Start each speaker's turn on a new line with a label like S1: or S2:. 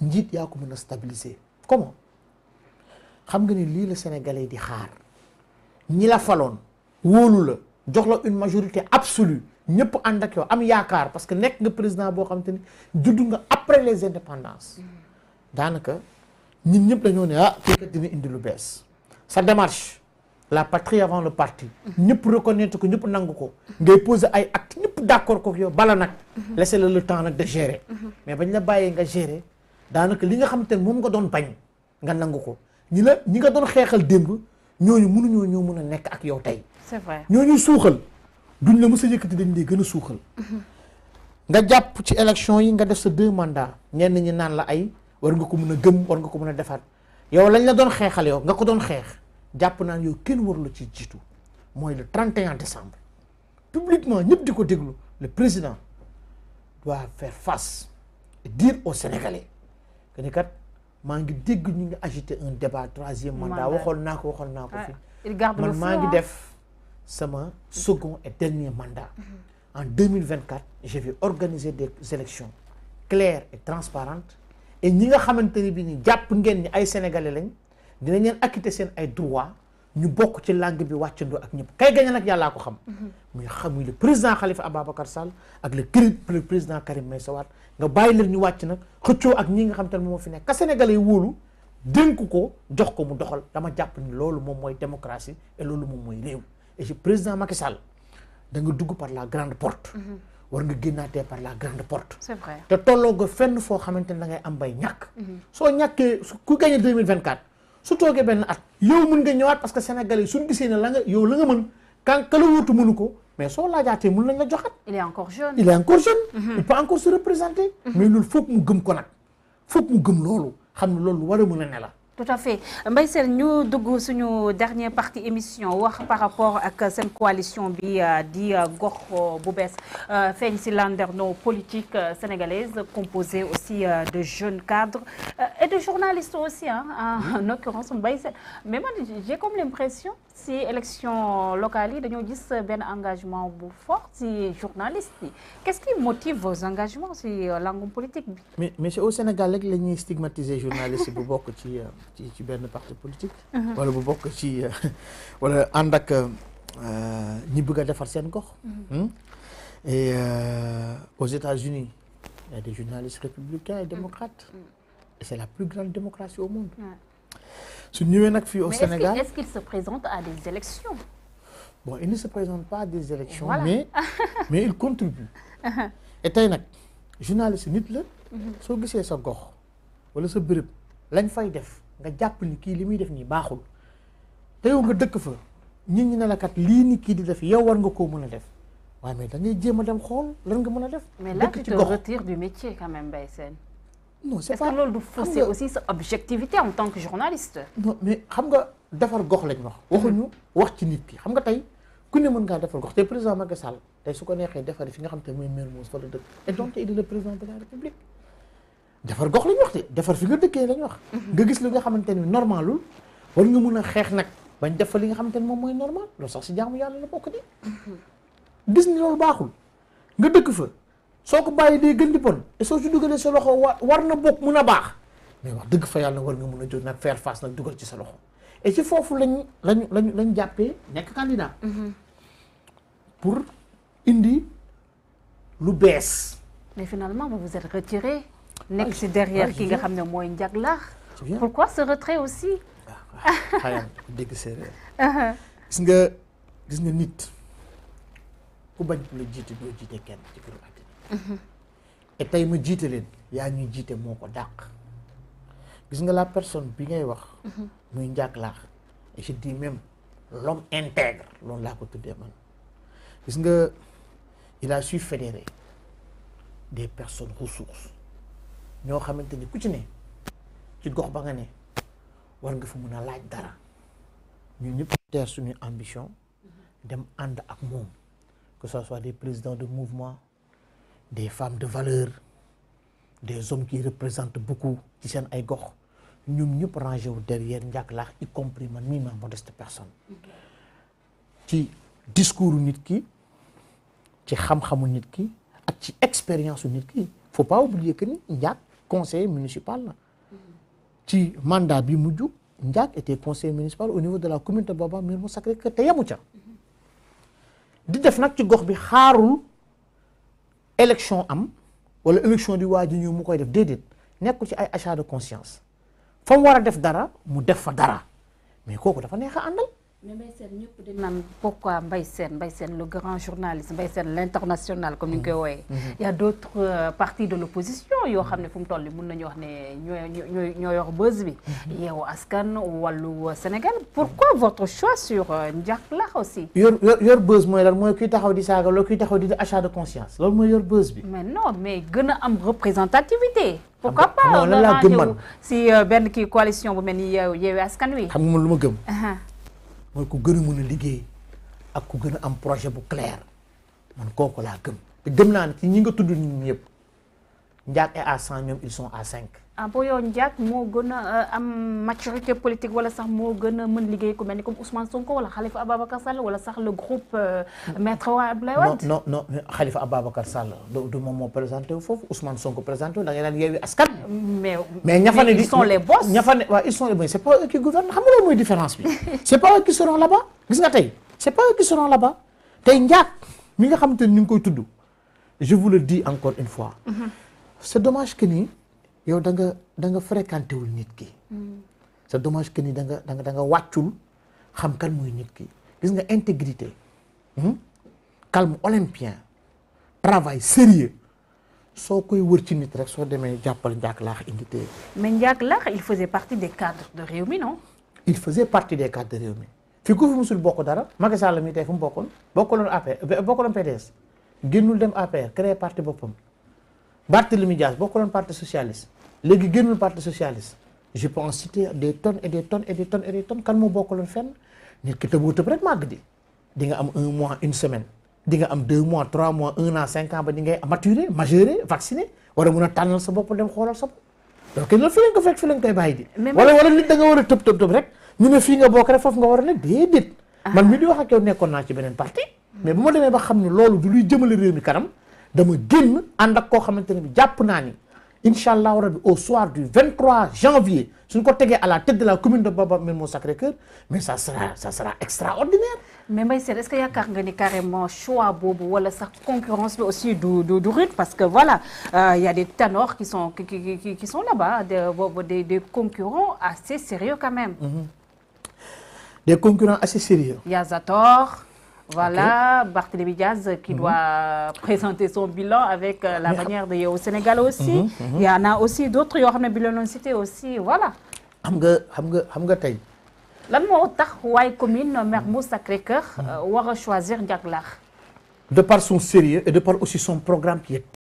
S1: njiit yaa ko mun a stabiliser comment xam nga ni lii la sénégalais di xaar ñi la faloon wóolu la jox la une majorité absolue ñëpp ànd ak yow am yaakaar parce que nekk nga président boo xam te ni judd nga après les indépendances daanaka ñun ñëpp dañoo ne ah kii dina indi lu bees sa démarche la patrie avant le parti ñëpp reconnaître ko ñëpp nangu ko ngay poser ay acte ñëpp d'accord ko yow bala nag laissez-le le temps nag de gérer mm-hmm. mais bañ la bàyyee daanaka li nga xamante ne moom nga doon bañ nga nangu ko ñi la ñi nga doon xeexal démb ñooñu mënuñoo ñoo mën a nekk ak yow tey.
S2: c'est vrai ñooñu
S1: suuxal duñ la mës a yëkkati dañ lay gën a suuxal. Mm-hmm. nga jàpp ci élection yi nga def sa deux mandats ñenn ñi naan la ay war nga ko mun a gëm war nga ko mën a defaat yow lañ la doon xeexal yow nga ko doon xeex jàpp naan yow kenn war la ci jiitu mooy le 31 décembre publiquement ñëpp di ko déglu le président doit faire face et dire que maa ngi dégg ñu ngi agité un débat troisième mandat waxoon naa ko waxoon naa ko ah, fi man maa ngi def sama second et dernier mandat mm-hmm. en 2024 je vais organiser des élections claires et transparentes et ñi nga xamante ni bi ni jàpp ngeen ni ay sénégalais lañ dinañ leen acquitter seen ay droits ñu bokk ci langue bi wàccandoo ak ñëpp kay gañe nag yàllaa ko xam muy xam muy le président Khalifa Ababacar Sall ak le le président Karim Meïssa Wade nga bàyyi leen ñu wàcc nag xëccoo ak ñi nga xam te ne moo fi nekk ka wóolu dénk ko jox ko mu doxal dama jàpp ni loolu moom mooy démocratie et loolu moom mooy réew et si président Macky Sall da nga dugg par la grande porte mm-hmm. war nga génnaatee par la grande porte. c'est vrai te tolloo nga fenn foo xamante ne da ngay am bay ñàkk. Mm-hmm. soo su toogee benn at yow mën nga ñëwaat parce que sénégalais suñu gisee ne la nga yow la nga mën kan ka la wuutu mënu ko mais soo laajaatee mën nañ la joxat il est encore jeune il est encore jeune mm-hmm. il peut encore se représenter mm-hmm. mais loolu foog mu gëm ko nag foog mu gëm loolu xam ne loolu war a mën a ne la
S2: tout à fait Mbaye Sène ñu dugg suñu dernière partie émission wax par rapport ak seen coalition bi euh, di euh, gox euh, bu bees feeñ si landerneau politique sénégalaise composée aussi de jeunes cadres et de journalistes aussi ah en l'occurrence mbay Sène mais man j'ai comme l'impression si élection locale yi dañoo gis benn engagement bu fort si journalistes yi qu'est-ce qui motive vos engagements si langum politique bi
S1: mais mais au Sénégal rek la ñuy stigmatiser journalistes bu bokk ci ci ci benn parti politique. Uh-huh. wala bu bokk ci euh, wala ànd ak euh, ñi bëgg a defar seen gox. Uh-huh. Hmm? et euh, aux États-Unis il y a et démocrates. Uh-huh. c'est la plus grande démocratie au monde. su ñëwee nag fii au Sénégal
S2: mais à des élections
S1: bon il ne se présente pas à des élections mais mais il contribue et tey nag journaliste nit la soo gisee sa gox wala sa béréb lañ fay def nga jàpp ni kii li muy def nii baaxul te yow nga dëkk fa nit ñi ne la kat lii ni kii di def yow war nga koo mën a def waaye mais da ngay jéem a dem xool lan nga mën a def. dëkk ci gox mais là tu te
S2: retires du métier quand même Mbaye Sène. non c'est pas est-ce que loolu du fausser aussi
S1: xam nga defar gox lañ wax. Mhm. waxuñu wax ci nit ki xam nga tey ku ne mën ngaa defar gox tey président Macky Sall tey su ko neexee defar fi nga xam te mooy Mermoz fa la dëkk et donc il est président de la République. defar gox la ñu wax defar fi nga dëkkee la wax. Mhm. nga gis li nga xamante ni normalul war nga mun a xeex nag bañ def fa li nga xamante ni moom mooy normal loolu sax si jaamu yàlla la bokk de. Mhm. gis ni loolu baaxul nga dëkk fa soo ko bàyyi dee gën di bon soo ci dugalee sa loxo war na bokk mun a baax mais wax dëgg fa yàlla war nga mun a jóg nag faire face nag dugal ci sa loxo et ci foofu lañ lañ lañ lañ jàppee nekk candidat. Mhm. pour indi lu bees. mais finalement vous vous êtes
S2: nekk si derrière ki nga xam ne mooy Ndiaglaax. pourquoi ce retrait aussi.
S1: Ah, xayam dégg séeréer uh-huh. gis nga gis nga nit ku bañ la jiite doo jiite kenn ci këru uh-huh. te tey ma jiite leen yaa ñuy jiite moo ko dàq gis nga la personne bi ngay wax uh-huh. muy njàglaax et je dis même l'homme intègre loolu laa ko tuddee man gis nga il a su fédérer des personnes ressources ñoo xamante ni ku ci ne ci gox ba nga ne war nga fa mun a laaj dara ñun ñëpp teer suñu ambition dem ànd ak moom que ce soit des présidents de mouvement des femmes de valeur des hommes qui représentent beaucoup ci seen ay gox ñoom ñëpp rangé wu derrière Ndiack Lakh y compris man mii ma modeste personne ci discours nit ki ci xam-xamu nit ki ak ci expérience nit ki faut pas oublier que ni conseiller municipal la ci mandat bi mujj Ndiak était conseiller municipal au niveau de la commune de Baba Mbir mu Sacré-Cœur te yemu ca di def nag ci gox bi xaarul élection am wala élection di waa ji ñëw mu koy def déedéet nekku ci ay achat de conscience fa war a def dara mu def fa dara mais kooku dafa neex a àndal mais
S2: Mbaye Sène ñëpp di naan pourquoi Mbaye Sène Mbaye Sène le grand journaliste Mbaye Sène l'international comme ni ñu koy wooyee. Mhm. Mhm. y a d'autres euh, partis de l'opposition yoo xam ne fu mu toll nii mën nañu wax ne ñoo ñoo ñoo yor buzz bi. Mhm. Yewwi Askan Wallu Sénégal
S1: pourquoi votre choix sur euh, Ndiack Lakh aussi. yor yor yor buzz mooy lan mooy kuy taxaw di saaga loolu kuy taxaw di achat de conscience loolu mooy yor buzz bi.
S2: mais non mais gën a am représentativité. pourquoi pas on a si euh, benn kii coalition bu mel ni Yewwi Askan Wi. xam nga man lu ma gëm. Uh-huh.
S1: mooy ku gën a mën a liggéey ak ku gën a am projet bu clair man kooku laa gëm te gëm naa ne ci ñi nga tudd ñun ñëpp Ndiak et Assane ñoom ils sont à 5.
S2: ah boo moo gën a euh, am maturité politique wala sax moo gën a man liggéey ku mel ni comme Ousmane Sonko wala Khalifa Ababacar Sall wala sax le groupe euh, maître wa Abdoulaye Wade.
S1: non non non Khalifa Ababacar Sall du moom moo présenté wu foofu Ousmane Sonko présenté wu da ngay naan yeewi askan. mais mais ña les boss. ña les boss c' pas eux qui gouvernent xam nga loolu mooy différence bi. c' est pas eux qui seront gis nga tey c' est pas tey Ndiak mi nga xamante ni ñu ngi koy tudd je vous le dis fois. Mm-hmm. sa dommage que ni yow da nga da nga fréquenté wul nit ki. Hmm. sa dommage que ni da nga da nga da nga wàccul xam kan muy nit ki gis nga intégrité hmm? calme olympien travail sérieux soo koy wër ci nit rek soo demee jàppal Ndiak Laax indi tey.
S2: mais Ndiak Laax il faisait partie des cadres de Rewmi non.
S1: il faisait partie de cadres de mi fi ku fi musul bokk dara Macky Sall mi tey fu mu bokkoon bokkaloon APR bokkaloon PDS génnul dem APR créé parti boppam. Barthélemy Dias bokkuloon parti socialiste léegi génnul parti socialiste je peux en citer des tonnes et des tonnes et des tonnes et des e kan moo bokkuloon fenn nit ki tëboo tëb rek màgg di di nga am un mois une semaine di nga am deux mois trois mois un an cinq ans ba di ngay a mun a tànnal loolu fi nit da nga a tëb tëb rek a nekk déedéet ah. man mi di wax ak yow nekkoon naa ci beneen parti mais bu ma demee ba xam ne loolu du luy jëmale réew mi kanam dama génn ànd ak koo xamante ne bi jàpp naa ni incha allahu rabi au soir du 23 janvier suñ ko tegee à la tëdd de la commune de Baba Mermoz Sacré-Cœur mais ça sera ça extraordinaire.
S2: mais Mbaye Sène est yaakaar nga ni carrément choix boobu wala sax concurrence bi aussi du du parce que voilà euh, y a des ténors qui sont qui qui qui, qui sont là-bas des, des concurrents assez sérieux quand même.
S1: Mm-hmm. des concurrents assez sérieux.
S2: y a Voilà, okay. Barthélémy Diaz qui mm -hmm. doit présenter son bilan avec euh, la manière de Yewwi Sénégal aussi. Mm Il y en a aussi d'autres yoo xam ne bilan lañu cité aussi voilà.
S1: xam nga xam nga xam nga tey.
S2: lan moo tax waaye commune Mermoz Sacré-Cœur mhm. war a choisir Ndiaglare.
S1: de par son sérieux et de par aussi son programme qui est